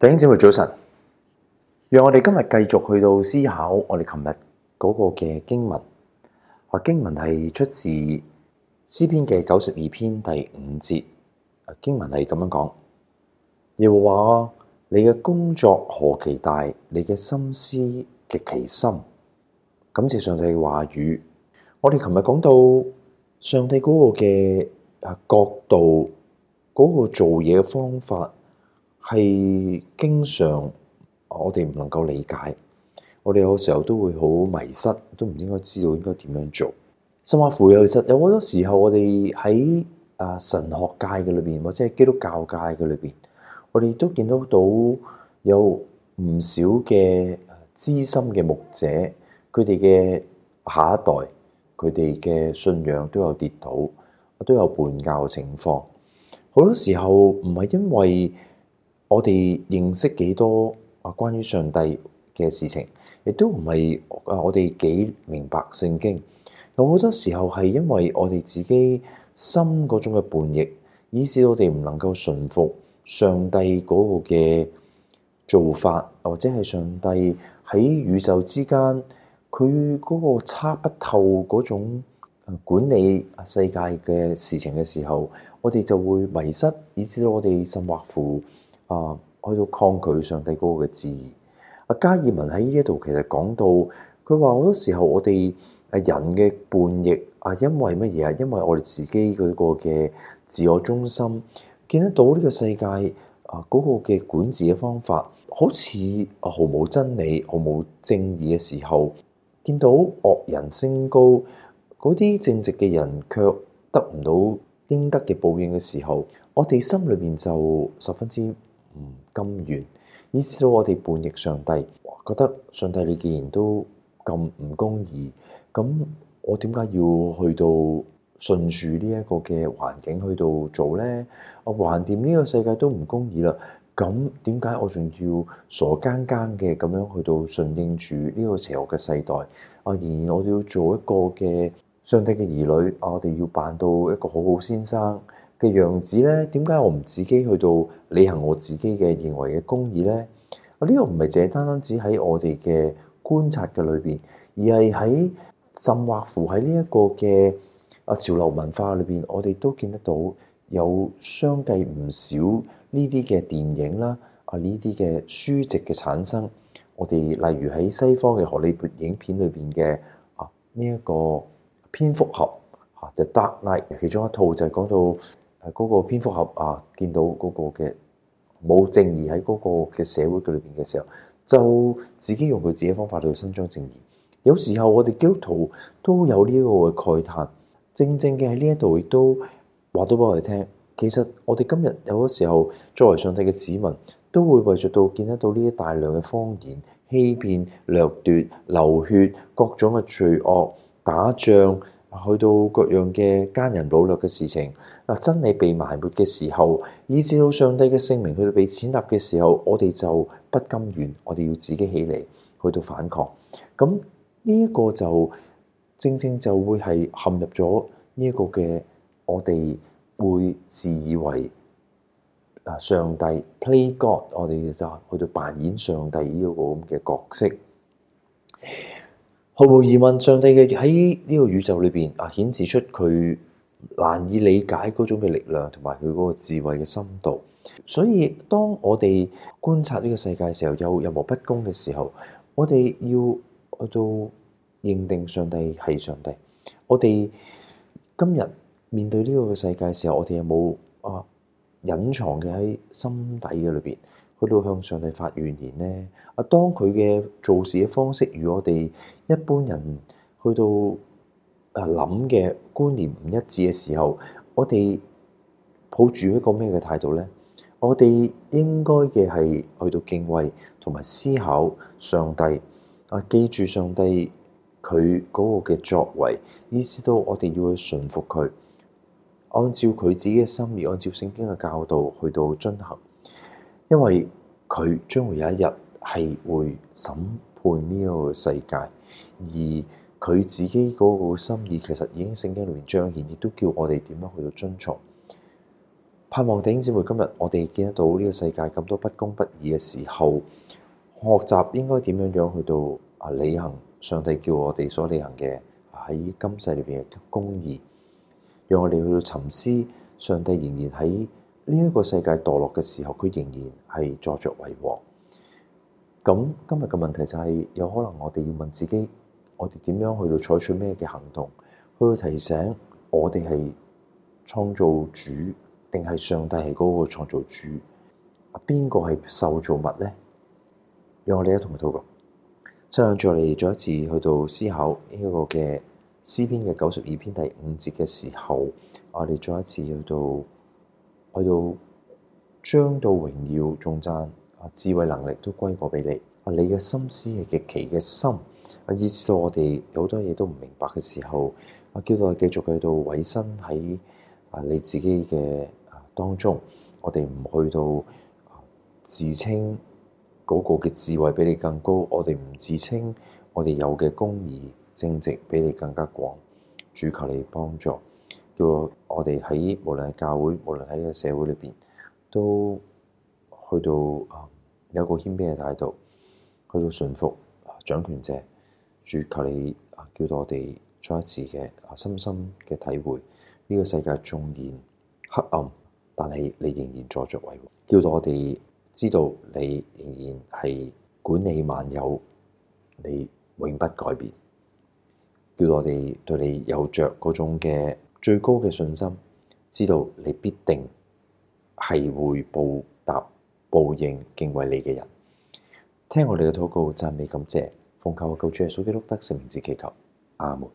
弟兄姊妹早晨，讓我哋今日繼續去到思考我哋琴日嗰個嘅經文，啊經文係出自詩篇嘅九十二篇第五節，經文係咁樣講：耶和華你嘅工作何其大，你嘅心思極其深。感謝上帝嘅話語，我哋琴日講到上帝嗰個嘅角度，嗰個做嘢嘅方法。係經常，我哋唔能夠理解，我哋有嘅時候都會好迷失，都唔應該知道應該點樣做。神父又其實有好多時候，我哋喺啊神學界嘅裏邊，或者係基督教界嘅裏邊，我哋都見到到有唔少嘅知心嘅牧者，佢哋嘅下一代，佢哋嘅信仰都有跌倒，都有叛教嘅情況。好多時候唔係因為。我哋認識幾多啊？關於上帝嘅事情，亦都唔係啊！我哋幾明白聖經，有好多時候係因為我哋自己心嗰種嘅叛逆，以致我哋唔能夠順服上帝嗰個嘅做法，或者係上帝喺宇宙之間佢嗰個測不透嗰種管理世界嘅事情嘅時候，我哋就會迷失，以致到我哋甚或乎。啊，去到抗拒上帝嗰個嘅質疑。啊。加爾文喺呢一度其實講到，佢話好多時候我哋誒人嘅叛逆啊，因為乜嘢啊？因為我哋自己嗰個嘅自我中心，見得到呢個世界啊嗰個嘅管治嘅方法好似啊毫無真理、毫無正義嘅時候，見到惡人升高，嗰啲正直嘅人卻得唔到應得嘅報應嘅時候，我哋心裏面就十分之～唔甘願，以至到我哋叛逆上帝，覺得上帝你既然都咁唔公義，咁我點解要去到順住呢一個嘅環境去到做呢？我橫掂呢個世界都唔公義啦，咁點解我仲要傻更更嘅咁樣去到順應住呢個邪惡嘅世代？啊，然而我哋要做一個嘅上帝嘅兒女，啊，我哋要扮到一個好好先生。嘅樣子咧，點解我唔自己去到履行我自己嘅認為嘅公義咧？啊，呢、這個唔係淨係單單只喺我哋嘅觀察嘅裏邊，而係喺甚或乎喺呢一個嘅啊潮流文化裏邊，我哋都見得到有相繼唔少呢啲嘅電影啦，啊呢啲嘅書籍嘅產生。我哋例如喺西方嘅荷里活影片裏邊嘅啊呢一、這個蝙蝠俠嚇，《The Dark Knight》其中一套就係講到。嗰個蝙蝠俠啊，見到嗰個嘅冇正義喺嗰個嘅社會嘅裏邊嘅時候，就自己用佢自己方法去伸張正義。有時候我哋基督徒都有呢個嘅慨嘆，正正嘅喺呢一度亦都話到俾我哋聽。其實我哋今日有嘅時候，作為上帝嘅子民，都會為著到見得到呢啲大量嘅謊言、欺騙、掠奪、流血、各種嘅罪惡、打仗。去到各樣嘅奸人擄掠嘅事情，嗱，真理被埋沒嘅時候，以至到上帝嘅聖名去到被踐踏嘅時候，我哋就不甘願，我哋要自己起嚟去到反抗。咁呢一個就正正就會係陷入咗呢一個嘅我哋會自以為啊，上帝 play God，我哋就去到扮演上帝呢一個咁嘅角色。毫無疑問，上帝嘅，喺呢個宇宙裏邊啊，顯示出佢難以理解嗰種嘅力量同埋佢嗰個智慧嘅深度。所以當我哋觀察呢個世界嘅時候，有任何不公嘅時候，我哋要到認定上帝係上帝。我哋今日面對呢個世界嘅時候，我哋有冇啊隱藏嘅喺心底嘅裏邊？去到向上帝發怨言呢。啊！當佢嘅做事嘅方式與我哋一般人去到啊諗嘅觀念唔一致嘅時候，我哋抱住一個咩嘅態度呢？我哋應該嘅係去到敬畏同埋思考上帝啊！記住上帝佢嗰個嘅作為，意識到我哋要去順服佢，按照佢自己嘅心意，按照聖經嘅教導去到進行。因為佢將會有一日係會審判呢一個世界，而佢自己嗰個心意其實已經聖經裏邊彰顯，亦都叫我哋點樣去到遵從。盼望弟兄姊妹今日我哋見得到呢個世界咁多不公不義嘅時候，學習應該點樣樣去到啊履行上帝叫我哋所履行嘅喺今世裏邊嘅公義，讓我哋去到沉思上帝仍然喺呢一個世界墮落嘅時候，佢仍然係坐著為王。咁今日嘅問題就係、是，有可能我哋要問自己，我哋點樣去到採取咩嘅行動去到提醒我哋係創造主，定係上帝係嗰個創造主？邊個係受造物咧？讓我哋一同佢討論。今日我哋再一次去到思考呢、這個嘅詩篇嘅九十二篇第五節嘅時候，我哋再一次去到。去到將到榮耀，仲讚啊！智慧能力都歸過俾你啊！你嘅心思係極其嘅深啊！以至到我哋好多嘢都唔明白嘅時候啊，叫到你繼續去到委身喺啊你自己嘅啊當中，我哋唔去到自稱嗰個嘅智慧比你更高，我哋唔自稱我哋有嘅公義正直比你更加廣，主求你幫助。叫我哋喺無論係教會，無論喺嘅社會裏邊，都去到啊、嗯、有個謙卑嘅態度，去到順服掌權者，主求，求你啊，叫到我哋再一次嘅啊深深嘅體會。呢、這個世界縱然黑暗，但係你仍然在作為，叫到我哋知道你仍然係管理萬有，你永不改變。叫我哋對你有着嗰種嘅，最高嘅信心，知道你必定係會報答報應敬畏你嘅人。聽我哋嘅禱告，讚美感謝，奉靠我救主耶穌基督得聖名之祈求。阿門。